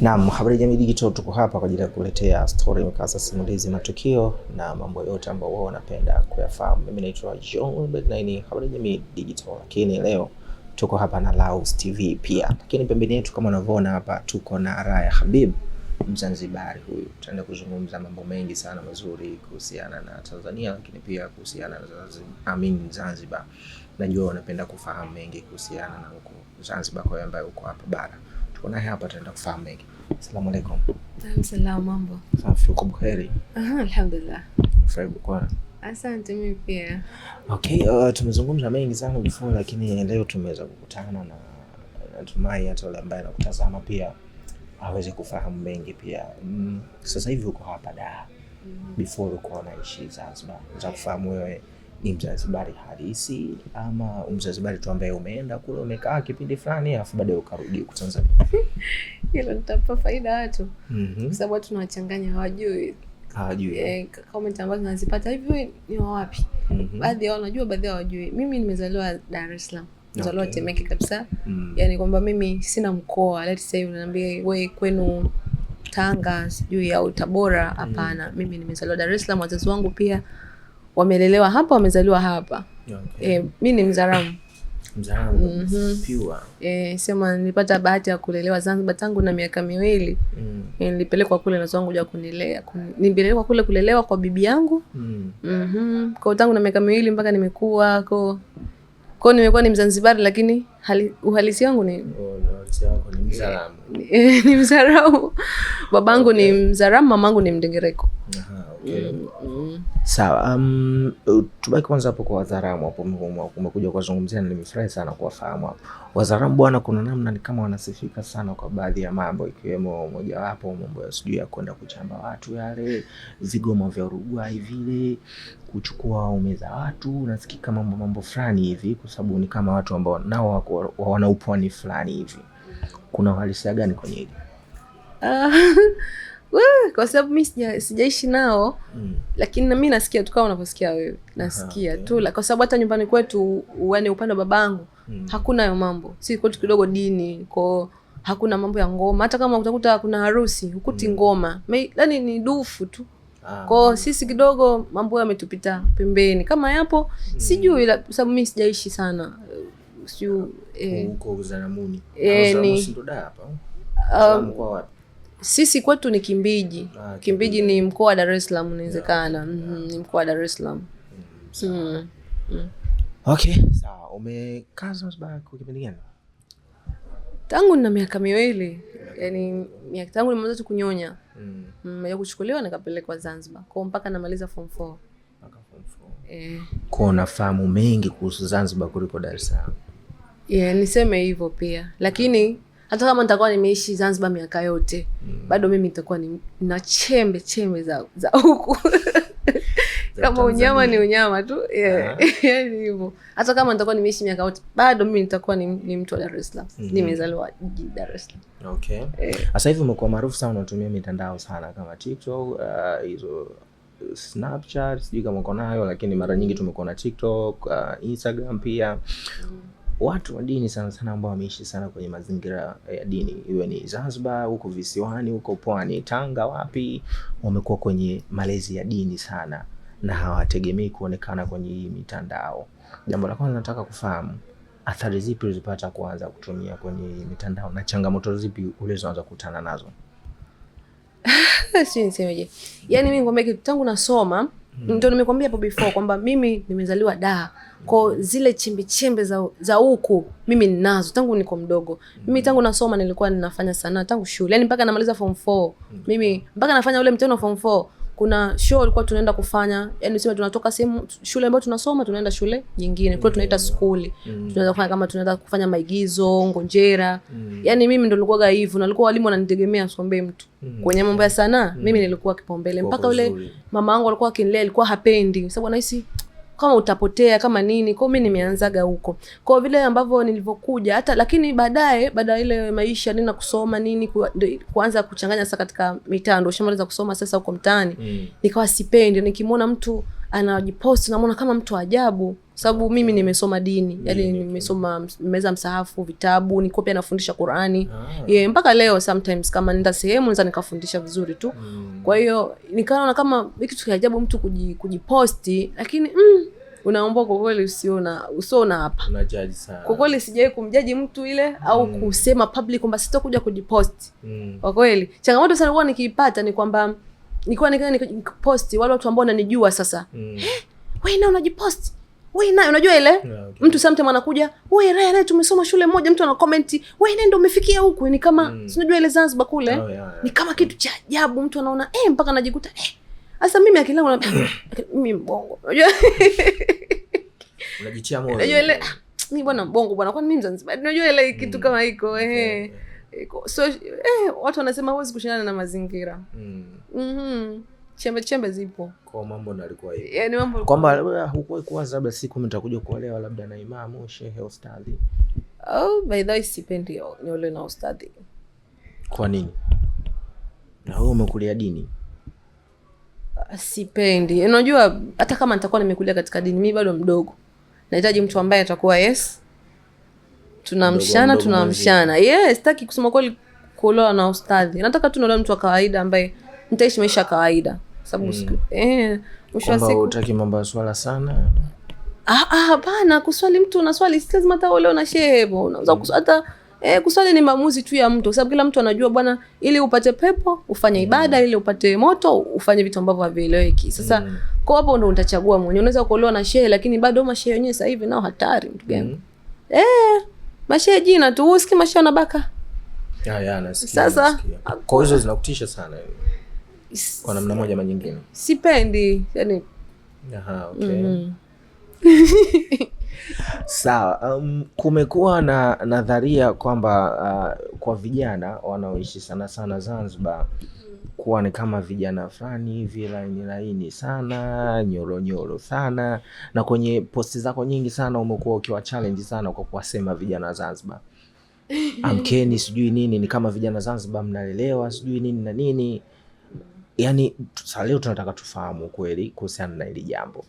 Naam, Habari Jamii Digital tuko hapa kwa ajili ya kuletea story, mkasa, simulizi, matukio na mambo yote ambayo wao wanapenda kuyafahamu. Mimi naitwa John na Habari Jamii Digital, lakini leo tuko hapa na Laus TV pia, lakini pembeni yetu kama unavyoona hapa tuko na Raya Habib, Mzanzibari huyu. Tutaenda kuzungumza mambo mengi sana mazuri kuhusiana na Tanzania, lakini pia kuhusiana na Zanzibar. Najua napenda kufahamu mengi kuhusiana na huko Zanzibar, kwa ambaye uko hapa bara, tuko naye hapa, tutaenda kufahamu mengi. Asalamu alaikum. Salamu, mambo? Safi, uko buheri? Aha, alhamdulillah. Nafurahi kukuona. Asante, mimi pia. Okay, uh, tumezungumza mengi sana before lakini leo tumeweza kukutana na natumai hata yule ambaye anakutazama pia aweze kufahamu mengi pia. Mm, sasa hivi uko hapa da Mm. Before ulikuwa naishi Zanzibar. Nataka kufahamu wewe ni Mzanzibari halisi ama Mzanzibari tu ambaye umeenda kule umekaa kipindi fulani alafu baadaye ukarudi huku Tanzania? Hilo nitapa faida watu mm kwa sababu watu tunawachanganya, hawajui hawajui eh, comment ambazo nazipata hivi ni wapi? mm -hmm. baadhi yao wanajua, baadhi yao hawajui. Mimi nimezaliwa Dar es Salaam mzaliwa okay. Temeke kabisa mm. Yani kwamba mimi sina mkoa, let's say unaniambia we kwenu Tanga sijui au Tabora, hapana mm. Mimi nimezaliwa Dar es Salaam, wazazi wangu pia wamelelewa hapa, wamezaliwa hapa. Okay. E, mi ni Mzaramu. Mm -hmm. E, sema nilipata bahati ya kulelewa Zanzibar tangu na miaka miwili. Mm. E, nilipelekwa kule nazo wangu ja kunilea. Kun... Nilipelekwa kule kulelewa kwa bibi yangu. Mm. Mm -hmm. Kwa tangu na miaka miwili mpaka nimekuwa ko ko nimekuwa ni Mzanzibari lakini hali, uhalisi wangu ni oh, ni Mzaramu. Babangu ni Mzaramu, mamangu ni Mdengereko. Mm-hmm. Sawa, um, tubaki kwanza hapo kwa Wazaramu hapo umekuja kuwazungumzia na nimefurahi sana kuwafahamu hapo Wazaramu bwana, kuna namna ni kama wanasifika sana kwa baadhi ya mambo ikiwemo mojawapo mambo ya sijui ya kwenda kuchamba watu yale vigoma vya Uruguay vile kuchukua waume za watu, nasikika mambo mambo fulani hivi, kwa sababu ni kama watu ambao nao wako wana upwani fulani hivi. Kuna uhalisia gani kwenye hili? kwa sababu mi sijaishi nao mm. Lakini nami nasikia tu kama unavyosikia wewe, nasikia tu Kwa sababu hata nyumbani kwetu, yaani upande wa babangu mm. hakuna hayo mambo, si kwetu kidogo dini ko hakuna mambo ya ngoma. Hata kama utakuta kuna harusi hukuti mm. ngoma, yani ni dufu tu ah. Kwao mm. sisi kidogo mambo hayo ametupita pembeni, kama yapo mm. sijui, sababu mi sijaishi sana sijui eh, eh, Zaramuni, um, wapi sisi kwetu ni Kimbiji. Ah, Kimbiji ni mkoa wa Dar es Salaam, inawezekana. Yeah, yeah. Mm ni mkoa wa Dar es Salaam. Mm-hmm. Mm-hmm. Mm-hmm. sawa. Umekaa Zanzibar kwa kipindi gani? Tangu na miaka miwili. Yaani, miaka tangu nimeanza tu kunyonya. Mm. mm kuchukuliwa nikapelekwa Zanzibar. Kwa mpaka namaliza form 4. Eh. Kwa unafahamu mengi kuhusu Zanzibar kuliko Dar es Salaam. Yeah, niseme hivyo pia. Lakini hata kama nitakuwa nimeishi Zanzibar miaka yote mm. bado mimi nitakuwa na chembe chembe za za huku kama unyama ni unyama tu yeah. yeah. Yaani hivyo hata kama nitakuwa nimeishi miaka yote bado mimi nitakuwa ni, ni mtu wa Dar es Salaam mm -hmm. nimezaliwa jiji Dar es Salaam okay eh. sasa hivi umekuwa maarufu sana unatumia mitandao sana kama TikTok uh, hizo uh, Snapchat sijui kama uko nayo, lakini mara nyingi tumekuwa na TikTok uh, Instagram pia mm watu wa dini sana sana ambao wameishi sana kwenye mazingira eh, ya dini, iwe ni Zanzibar, huko visiwani, huko pwani, Tanga, wapi, wamekuwa kwenye malezi ya dini sana na hawategemei kuonekana kwenye hii mitandao. Jambo la kwanza nataka kufahamu athari zipi ulizopata kuanza kutumia kwenye hii mitandao na changamoto zipi ulizoanza kukutana nazo? Sio nisemeje, yani mimi ngombe kitu tangu nasoma mm. Ndio nimekwambia hapo before kwamba mimi nimezaliwa da kwa zile chembechembe za za huku mimi ninazo tangu niko mdogo. Mimi tangu nasoma nilikuwa ninafanya sanaa tangu shule, yani mpaka namaliza form 4 mimi mpaka nafanya ule mtihani wa form 4 kuna show alikuwa tunaenda kufanya, yani sema tunatoka sehemu shule ambayo tunasoma tunaenda shule nyingine, kwa tunaita mm. skuli mm. tunaweza kufanya kama tunaenda kufanya maigizo, ngonjera mm. yani mimi ndo nilikuwa hivyo, nalikuwa walimu wananitegemea sombee mtu mm. kwenye mambo ya sanaa mm. mimi nilikuwa kipaumbele mpaka ule mama yangu alikuwa akinilea, alikuwa hapendi sababu anahisi kama utapotea kama nini. kwao mi nimeanzaga huko kwao vile ambavyo nilivyokuja hata, lakini baadaye baada ya ile maisha nina kusoma nini kuanza kuchanganya sasa katika mitaa, ndio shamaliza kusoma sasa huko mtaani mm. nikawa sipendi nikimwona mtu anajiposti namwona kama mtu ajabu, sababu mimi mm. nimesoma dini mm. yani nimesoma meza msahafu vitabu, niko pia nafundisha Qur'ani ah. Yeah, mpaka leo sometimes kama nenda sehemu naweza nikafundisha vizuri tu mm. Kwa hiyo nikaona kama kitu cha ajabu mtu kujiposti, lakini mm, unaomba kwa kweli usiona usiona hapa kwa kweli, sijawahi kumjaji mtu ile au mm. kusema public kwamba sitakuja kujiposti mm. Kwa kweli changamoto sana kwa nikiipata ni kwamba nilikuwa nikaa nikipost wale watu ambao wananijua sasa mm. Hey, wewe na unajiposti wewe naye unajua ile yeah, okay. Mtu sometimes anakuja wewe naye naye tumesoma shule moja, mtu anakomenti wewe naye ndio umefikia huku, ni kama mm. sinajua ile Zanzibar kule oh, yeah, yeah. Ni kama kitu cha ajabu, mtu anaona eh, mpaka anajikuta eh. Sasa mimi akili yangu mimi mbongo, unajua unajitia moyo, unajua ile ah, mimi bwana mbongo bwana, kwani mimi Zanzibar, unajua ile kitu mm. kama hiko eh yeah, yeah so eh, watu wanasema huwezi kushindana na mazingira mm. mm-hmm. chembe chembe zipo kwa mambo nalikuwa hivi yani eh, mambo kwamba hukuwahi kuwaza labda siku mtakuja kuolewa labda na imamu shehe ustadhi oh, by the way sipendi niole na ustadhi kwa nini na wewe umekulia dini ah, sipendi unajua hata kama nitakuwa nimekulia katika dini mi bado mdogo nahitaji mtu ambaye atakuwa yes tunamshana tunamshana yes taki kusema kweli kuolewa na ustadhi nataka tu naolewa mtu wa kawaida ambaye nitaishi maisha ya kawaida sababu mm. eh, mwisho wa siku utaki mambo ya swala sana hapana ah, ah, kuswali mtu unaswali si lazima hata uolewe na shehe unaweza mm. hata E, kuswali ni maamuzi tu ya mtu, kwa sababu kila mtu anajua bwana, ili upate pepo ufanye mm. ibada mm. ili upate moto ufanye vitu ambavyo havieleweki. Sasa mm. kwa hapo ndo utachagua mwenyewe. Unaweza kuolewa na shehe, lakini bado mashehe wenyewe sasa hivi nao hatari, mtu gani mm. eh Mashe jina tu, usiki mashe na baka. Ya, ya, nasikia. Sasa kwa hizo zinakutisha sana kwa namna moja ama nyingine. Sipendi. yani. Aha, okay. Mm. Sawa. Um, kumekuwa na nadharia kwamba uh, kwa vijana wanaoishi sana sana Zanzibar kuwa ni kama vijana fulani hivi laini laini sana nyoronyoro nyoro sana, na kwenye posti zako nyingi sana umekuwa ukiwa challenge sana kwa kuwasema vijana Zanzibar amkeni, sijui nini, ni kama vijana Zanzibar mnalelewa sijui nini na nini. Yani sasa leo tunataka tufahamu kweli kuhusiana na hili jambo.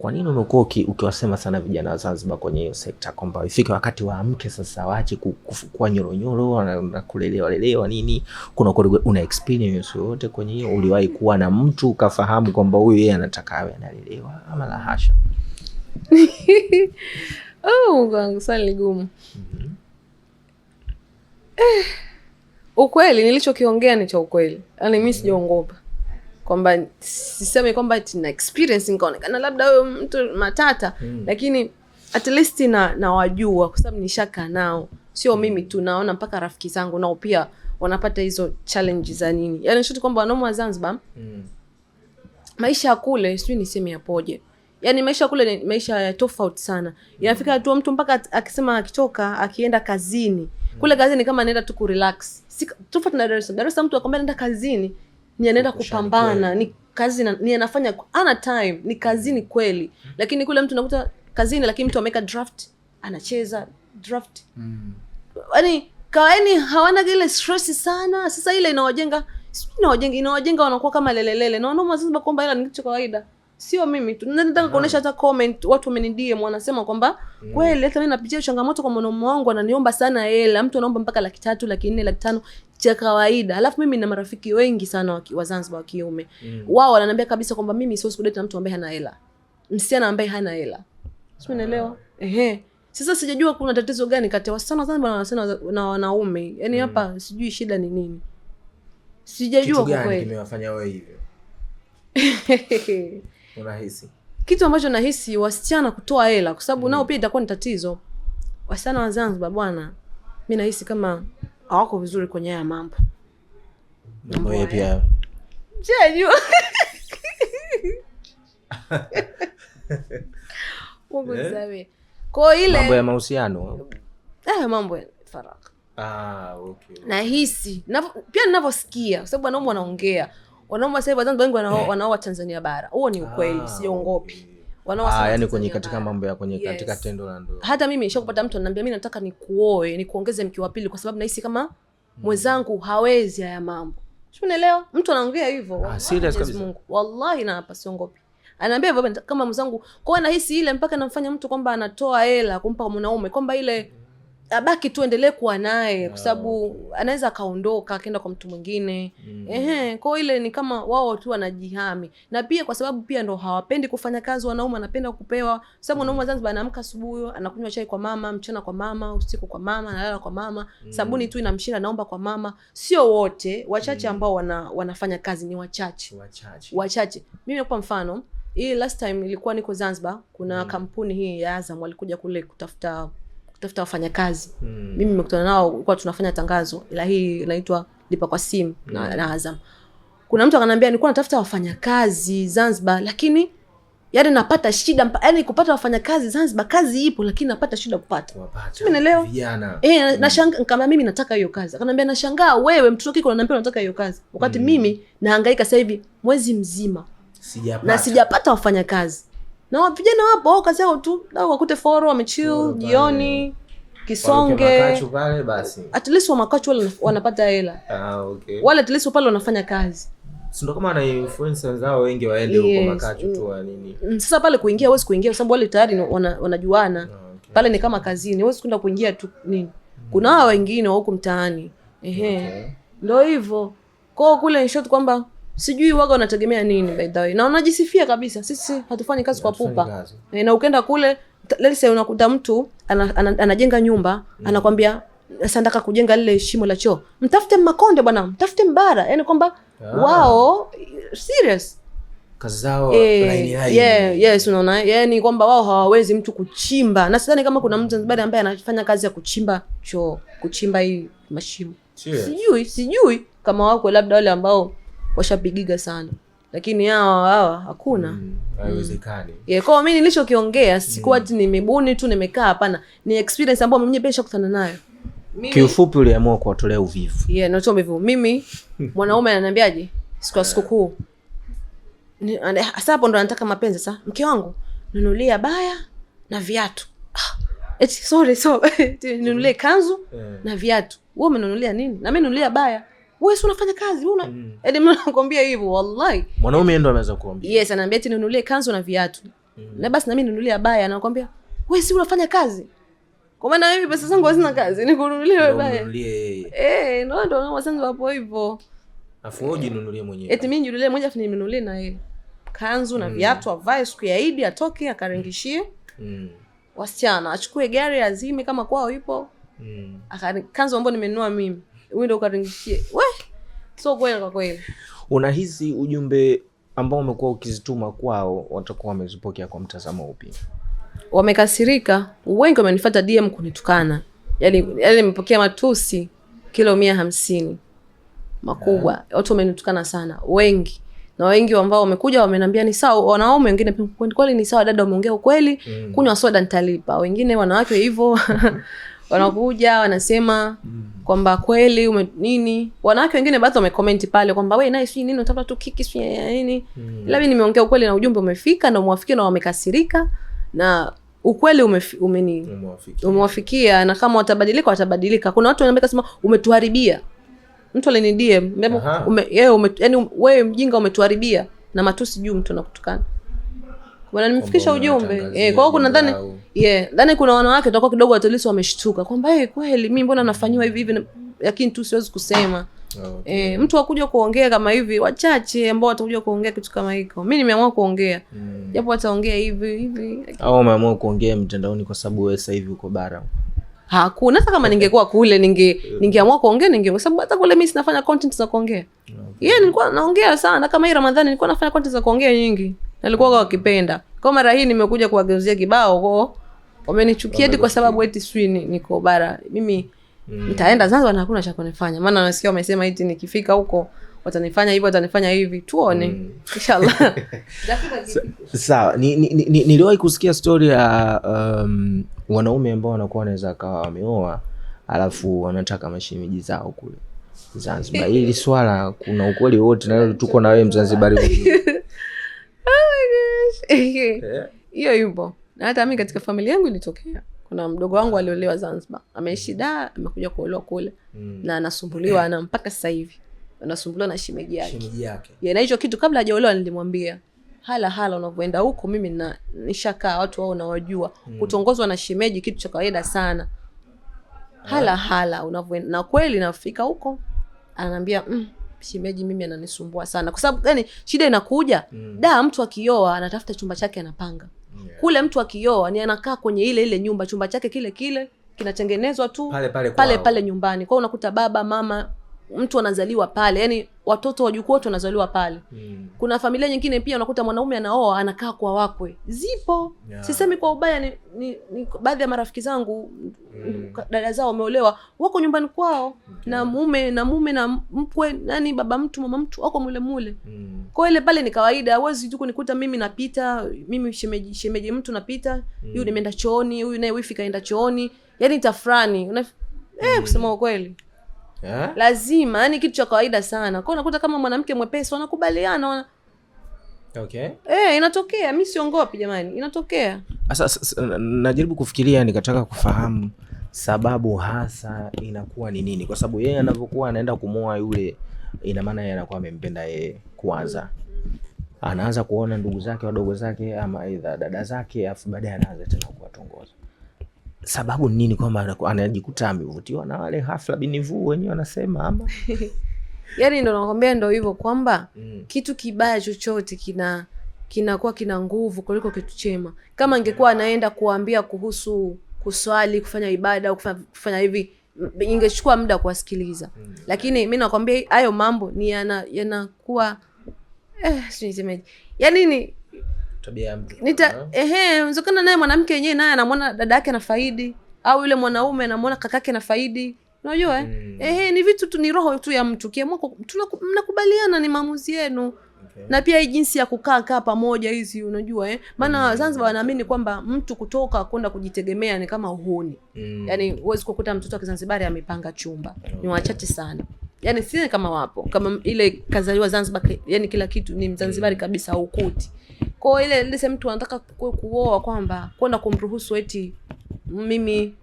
Kwa nini unakuwa ukiwasema sana vijana wa Zanzibar kwenye hiyo sekta kwamba ifike wakati waamke sasa, waache kufukua nyoronyoro na kulelewa lelewa nini? Kuna una experience yoyote kwenye hiyo? Uliwahi kuwa na mtu ukafahamu kwamba huyu yeye anataka awe analelewa ama la hasha? Oh, Mungu wangu, swali ligumu. mm-hmm. Eh, ukweli nilichokiongea ni cha ukweli, yaani mi mm-hmm. sijaongopa kwamba siseme kwamba tina experience nikaonekana labda huyo mtu matata mm. Lakini at least na nawajua kwa sababu nishaka nao, sio mm. mimi tu, naona mpaka rafiki zangu nao pia wanapata hizo challenge za nini, yani shoti kwamba wanaume wa Zanzibar mm. maisha ya kule sijui niseme yapoje Yaani maisha kule ni maisha ya tofauti sana. inafika hatua mtu mpaka akisema akitoka akienda kazini. Hmm. Kule kazini kama anaenda tu kurelax. Tofauti na Dar es Salaam. Dar es Salaam mtu akwambia anaenda kazini, ninaenda kupambana ni kazi na, ni ninafanya ana time ni kazini kweli, mm-hmm. lakini kule mtu nakuta kazini, lakini mtu ameweka draft anacheza draft mm. Yaani kawaini hawana ile stress sana. Sasa ile inawajenga inawajenga inawajenga wanakuwa kama lelelele na wanaomwa sasa kwamba ila ni kitu cha kawaida. Sio mimi tu nataka kuonesha hata comment, watu wamenidm wanasema kwamba mm. kweli hata mimi napitia changamoto kwa mwanaume wangu, ananiomba sana hela, mtu anaomba mpaka laki tatu, laki nne, laki tano cha kawaida. Alafu mimi na marafiki wengi sana waki, wa Zanzibar wa kiume mm. wao wananiambia kabisa kwamba mimi siwezi kudate na mtu ambaye hana hela, msichana ambaye hana hela, sio unaelewa? Ah. Ehe, sasa sijajua kuna tatizo gani kati ya wasichana Zanzibar na wasichana na wanaume, yaani mm. hapa mm. sijui shida ni nini, sijajua kwa kweli kimewafanya wewe hivyo unahisi kitu ambacho nahisi wasichana kutoa hela, kwa sababu mm. nao pia itakuwa ni tatizo. Wasichana wa Zanzibar bwana, mi nahisi kama hawako vizuri kwenye haya mambo. Eh? ya mahusiano eh, mambo ya ah, Nahisi pia ninavyosikia kwa sababu wanaume wanaongea, wanaume sasa Wazanzibar wengi eh. wanaoa Tanzania bara. Huo ni ukweli, ah, siongopi Ah, yani kwenye katika mambo ya kwenye yes. tendo la ndoa. Hata mimi nishakupata mtu ananiambia mimi nataka nikuoe, nikuongeze mke wa pili kwa sababu nahisi kama hmm. mwenzangu hawezi haya mambo. Unaelewa? Mtu anaongea hivyo. Ah, serious kabisa. Mungu. Wallahi na hapa siongopi. Anaambia baba kama mwenzangu, kwa nahisi ile mpaka namfanya mtu kwamba anatoa hela kumpa mwanaume kwamba ile abaki tu endelee kuwa naye kwa sababu anaweza akaondoka akaenda kwa mtu mwingine mm. Ehe, kwao ile ni kama wao tu wanajihami, na pia kwa sababu pia ndo hawapendi kufanya kazi wanaume, anapenda kupewa kwa sababu mwanaume Zanzibar anaamka asubuhi anakunywa chai kwa mama, mchana kwa mama, usiku kwa mama, analala kwa mama mm. Sabuni tu inamshinda anaomba kwa mama. Sio wote, wachache mm. ambao wana, wanafanya kazi ni wachache wachache, wachache. Mimi nakupa mfano, hii last time ilikuwa niko Zanzibar, kuna mm. kampuni hii ya Azam walikuja kule kutafuta kutafuta wafanyakazi mm. Mimi nimekutana nao kuwa tunafanya tangazo, ila hii inaitwa lipa kwa simu mm. na, na Azam. Kuna mtu akanambia nikuwa natafuta wafanyakazi Zanzibar, lakini yani napata shida, yani kupata wafanyakazi Zanzibar, kazi ipo lakini napata shida kupata. Mimi e, eh, hmm. mimi nataka hiyo kazi. Akanambia nashangaa wewe mtoto kiko unaniambia unataka hiyo kazi wakati mm. mimi nahangaika sasa hivi mwezi mzima sijapata na sijapata wafanyakazi na vijana wapo au kazi yao tu, au wakute foro wamechill jioni eh. Kisonge pale basi, at least wa makachu wale wanapata hela ah, okay. Wale at least pale wanafanya kazi, si ndio? Kama na influencers zao wengi waende huko yes. Makachu tu mm. wa nini mm, sasa pale kuingia, huwezi kuingia kwa sababu wale tayari wanajuana wana ah, okay. Pale ni kama kazini, huwezi kwenda kuingia tu nini mm. Kuna hawa wengine wa huko mtaani ehe, Okay. ndio Hivyo kwao kule in short kwamba sijui waga wanategemea nini by the way, na unajisifia kabisa, sisi hatufanyi kazi kwa pupa e, na ukenda kule let's unakuta mtu ana, ana, anajenga nyumba mm. anakwambia sandaka kujenga lile shimo la choo, mtafute Makonde bwana, mtafute Mbara, yani kwamba ah. wao serious kazi e, laini laini. Yeah, yes, unaona yani kwamba wao hawawezi mtu kuchimba, na sidhani kama kuna Mzanzibari ambaye anafanya kazi ya kuchimba choo, kuchimba hii mashimo, sijui sijui kama wako labda wale ambao washapigiga sana lakini hawa hawa hakuna mm. Haiwezekani. Mm. Yeah, kwa mimi nilichokiongea sikuwa mm. nimebuni tu nimekaa, hapana, ni experience ambayo mimi pia shakutana nayo. Kiufupi uliamua kuwatolea uvivu. Yeah, natoa uvivu. Mimi mwanaume ananiambiaje? Siku ya eh. sikukuu. Sasa hapo ndo anataka mapenzi sasa. Mke wangu, nunulia baya na viatu. Ah, sorry so nunulie kanzu yeah. na viatu. Wewe umenunulia nini? Na mimi nunulia baya wewe si unafanya kazi una mm. Yaani mimi nakwambia hivyo wallahi. Mwanaume ndo anaweza kuambia. Yes, ananiambia eti ninunulie kanzu na viatu. Mm. Na basi na mimi ninunulie abaya, nakwambia wewe si unafanya kazi. Kwa maana mimi pesa zangu hazina kazi, ni nikununulie wewe baya Eh, ndio ndio wanao sasa hapo hivyo. Afu wewe jinunulie mwenyewe. Eti mimi ninunulie mwenyewe afu ninunulie na yeye. Kanzu na mm. viatu avae siku ya Eid atoke akarengishie. Mm. Wasichana achukue gari azime kama kwao ipo. Mm. Kanzu ambayo nimenunua mimi. Wewe ndio ukarengishie. Sio kweli kwa kweli. Unahisi ujumbe ambao umekuwa ukizituma kwao watakuwa wamezipokea kwa mtazamo upi? Wamekasirika, wengi wamenifuata DM kunitukana, yani yaani nimepokea matusi kilo mia hamsini makubwa yeah. Watu wamenitukana sana wengi, na wengi ambao wamekuja wamenambia ni sawa, wanaume wengine kweli ni sawa, dada umeongea ukweli mm. Kunywa soda nitalipa, wengine wanawake hivyo wanakuja wanasema mm. kwamba kweli ume, nini wanawake wengine bado wamekomenti pale kwamba we naye sijui nini utapata tu kiki sijui nini mm. labda nimeongea ukweli na ujumbe umefika na umwafikia na wamekasirika na ukweli umefi, umeni, umewafikia. na kama watabadilika watabadilika kuna watu wanaambia kasema umetuharibia mtu alinidm ume, ume, yani um-, wewe mjinga umetuharibia na matusi juu mtu anakutukana bwana nimefikisha ujumbe eh, kwa hiyo kuna dhani yeah. Dhani kuna wanawake tutakuwa kidogo watalisi wameshtuka kwamba hey, kweli mi mbona nafanyiwa hivi hivi, lakini tu siwezi kusema oh, okay. E, mtu akuja kuongea kama hivi wachache ambao watakuja kuongea kitu kama hiko. Mi nimeamua kuongea mm. japo wataongea hivi hivi au umeamua kuongea mtandaoni kwa sababu wewe sasa hivi uko bara Hakuna. Hata kama ningekuwa kule ninge ningeamua kuongea ninge, kwa sababu hata kule mimi sinafanya content za kuongea okay. Yeah, nilikuwa naongea sana. Kama hii Ramadhani nilikuwa nafanya content za kuongea nyingi, nilikuwa nalikuwa mm. wakipenda kwa mara hii nimekuja kuwageuzia kibao kwao wamenichukia hadi kwa sababu eti sijui niko bara mimi mm. Zanzibar na hakuna cha kunifanya, maana nasikia wamesema hiti nikifika huko watanifanya hivi watanifanya hivi, tuone mm. inshallah Ni, ni, ni, niliwahi kusikia stori ya um, wanaume ambao wanakuwa wanaweza akawa wameoa alafu wanataka mashimiji zao kule Zanzibar. Hili swala kuna ukweli wote nalo, tuko na wewe Mzanzibari oh eh. hiyo yupo na hata mimi katika familia yangu ilitokea. Kuna mdogo wangu aliolewa Zanzibar, ameishi da, amekuja kuolewa kule mm. na anasumbuliwa na mpaka sasa hivi anasumbuliwa na shimeji yake, shemeji yeah, na hicho kitu kabla hajaolewa nilimwambia hala hala, unavyoenda huko mimi na nishakaa watu wao nawajua mm. kutongozwa na shimeji kitu cha kawaida sana hala ah. hala unavyoenda na kweli, nafika huko ananiambia mm, shimeji mimi ananisumbua sana, kwa sababu yani shida inakuja mm. da mtu akioa anatafuta chumba chake anapanga kule mtu akioa ni anakaa kwenye ile ile nyumba, chumba chake kile kile kinatengenezwa tu pale pale, pale, pale nyumbani kwao. Unakuta baba mama, mtu anazaliwa pale, yani watoto wajukuu wote wanazaliwa pale mm. Kuna familia nyingine pia unakuta mwanaume anaoa anakaa kwa wakwe, zipo yeah. Sisemi kwa ubaya, ni, ni, ni baadhi ya marafiki zangu mm. dada zao wameolewa wako nyumbani kwao okay. na mume na mume na mkwe nani baba mtu mama mtu wako mule mule mm. kwao ile pale ni kawaida, awezi tu kunikuta mimi napita mimi shemeji, shemeji mtu napita mm. Huyu nimeenda chooni, huyu naye wifi kaenda chooni, yani tafurani una... mm. eh, kusema mm. ukweli yeah. Lazima yani kitu cha kawaida sana kwao, unakuta kama mwanamke mwepesi wanakubaliana wana... Okay. Eh, inatokea, mi siongopi jamani, inatokea. Sasa najaribu kufikiria, nikataka kufahamu sababu hasa inakuwa ni nini, kwa sababu yeye anapokuwa anaenda kumoa yule, ina maana yeye anakuwa amempenda yeye kwanza anaanza kuona ndugu zake wadogo zake ama aidha dada zake, afu baadaye anaanza tena kuwatongoza sababu ni nini kwamba anajikuta amevutiwa na wale hafla binivu wenyewe wanasema ama yani ndo nakwambia ndo hivyo kwamba mm. kitu kibaya chochote kina kinakuwa kina nguvu kuliko kitu chema kama ingekuwa mm. anaenda kuambia kuhusu kuswali kufanya ibada au kufanya, kufanya hivi ingechukua muda kuwasikiliza mm. lakini mi nakwambia hayo mambo ni yanakuwa yana eh, yani ni tabia ya mtu naye mwanamke wenyewe naye anamwona dada yake na faidi, au yule mwanaume anamwona kakake na faidi. Unajua mm. ni vitu tu, ni roho tu ya mtu kiamua, mnakubaliana, ni maamuzi yenu. Okay. Na pia hii jinsi ya kukaa kaa pamoja hizi unajua eh? Maana mm. Zanzibar wanaamini kwamba mtu kutoka kwenda kujitegemea ni kama uhuni mm. Yaani huwezi kukuta mtoto wa Kizanzibari amepanga chumba okay. Ni wachache sana yaani si kama wapo kama ile kazaliwa Zanzibar, yaani kila kitu ni Mzanzibari hmm. kabisa, aukuti kwao ile ile sehemu tunataka kuoa kwamba kwenda kumruhusu eti mimi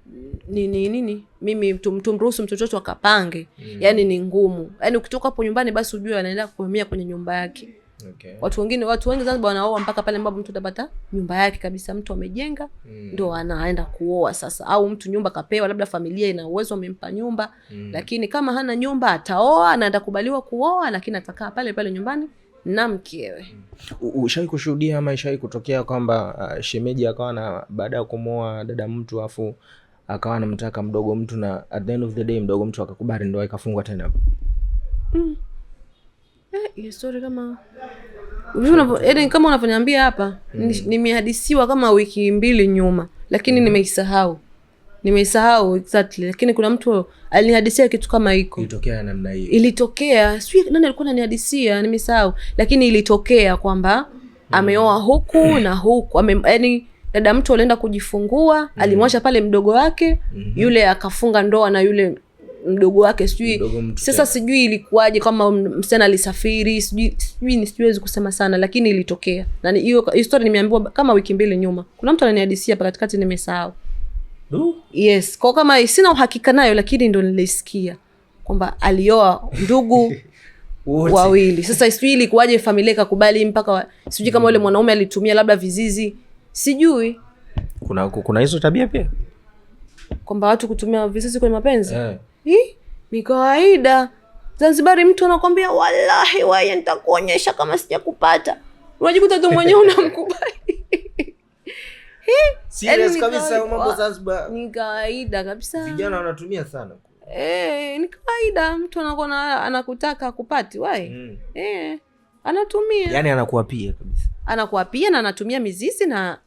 nini nini mimi tumruhusu mtoto akapange mm. Yani ni ngumu, yani ukitoka hapo nyumbani basi ujue anaenda kuhamia kwenye nyumba yake. Okay. Watu wengine watu wengi Zanzibar wanaoa mpaka pale ambapo mtu atapata nyumba yake kabisa, mtu amejenga mm. ndo anaenda kuoa sasa, au mtu nyumba kapewa, labda familia ina uwezo amempa nyumba mm. lakini kama hana nyumba ataoa anaenda kubaliwa kuoa, lakini atakaa pale pale nyumbani na mkewe. Ushawahi kushuhudia ama ishawahi kutokea kwamba uh, shemeji akawa na baada ya kumwoa dada mtu afu akawa anamtaka mdogo mtu na at the end of the day mdogo mtu akakubali ndoa ikafungwa tena? Mm. Eh, yes, sorry, kama Eden, yaani kama unavyoniambia hapa mm. Nimehadisiwa kama wiki mbili nyuma, lakini mm. nimeisahau nimesahau exactly, lakini kuna mtu alinihadisia kitu kama hiko. Ilitokea namna ilitokea sijui nani alikuwa nanihadisia nimesahau, lakini ilitokea kwamba ameoa huku na huku ame, yani dada mtu alienda kujifungua mm. alimwacha pale mdogo wake mhm. yule akafunga ndoa na yule mdogo wake sijui sasa, sijui ilikuwaje, kama msichana alisafiri sijui ni siwezi kusema sana, lakini ilitokea na hiyo story nimeambiwa kama wiki mbili nyuma. Kuna mtu ananihadisia hapa katikati, nimesahau. Du. Yes, kwa kama sina uhakika nayo, lakini ndo nilisikia kwamba alioa ndugu wawili. Sasa sijui ilikuwaje familia ikakubali mpaka sijui kama yule mm. mwanaume alitumia labda vizizi, sijui kuna kuna hizo tabia pia kwamba watu kutumia vizizi kwenye mapenzi eh. Ni kawaida Zanzibari, mtu anakwambia wallahi, waye nitakuonyesha kama sijakupata, unajikuta tu mwenyewe unamkubali Yaani ni kawaida kabisa. Vijana wanatumia sana. Eh, ni kawaida mtu anakuwa anakutaka kupati wae. Mm. Eh, anatumia. Yaani anakuapia kabisa. na anatumia mizizi na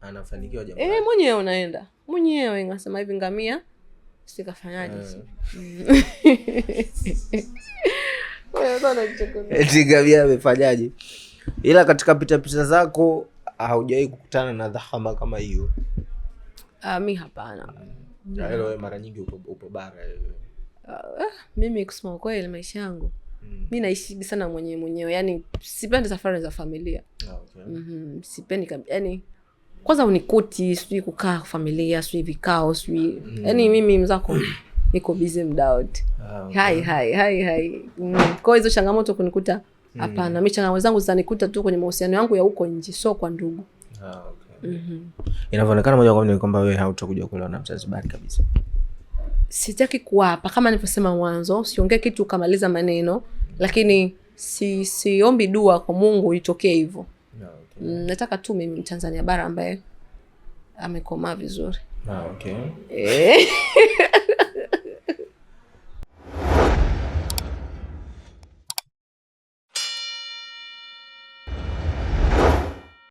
anafanikiwa Eh, mwenyewe unaenda. Mwenyewe ngasema hivi ngamia sikafanyaje. Eh. Eti amefanyaje? Ila katika pitapita zako haujawahi kukutana na dhahama kama hiyo? Uh, mi hapana. Ah, wewe mara nyingi upo, upo bara uh, mimi kusema kweli maisha yangu mm. mi naishi sana mwenyewe mwenyewe, yani sipendi safari za familia okay. mm -hmm. sipendi kabisa yani kwanza unikuti sijui kukaa familia sijui vikao sijui mm. yani mimi mzako niko bizi mda wote. ah, okay. hai hai hai hai mm. kwa hizo changamoto kunikuta Hapana, mm. mi changamoto zangu zitanikuta tu kwenye mahusiano yangu ya huko nje, sio kwa ndugu. Ah, mhm. Inavyoonekana moja kwa moja kwamba wewe hautakuja kuolewa na Mzanzibari kabisa. Sitaki kuwapa, kama nilivyosema mwanzo, siongee kitu ukamaliza maneno, lakini si siombi dua kwa Mungu itokee hivyo. Ah, okay. Mm, nataka tu mimi Mtanzania bara ambaye amekomaa vizuri. Ah, okay. Eh.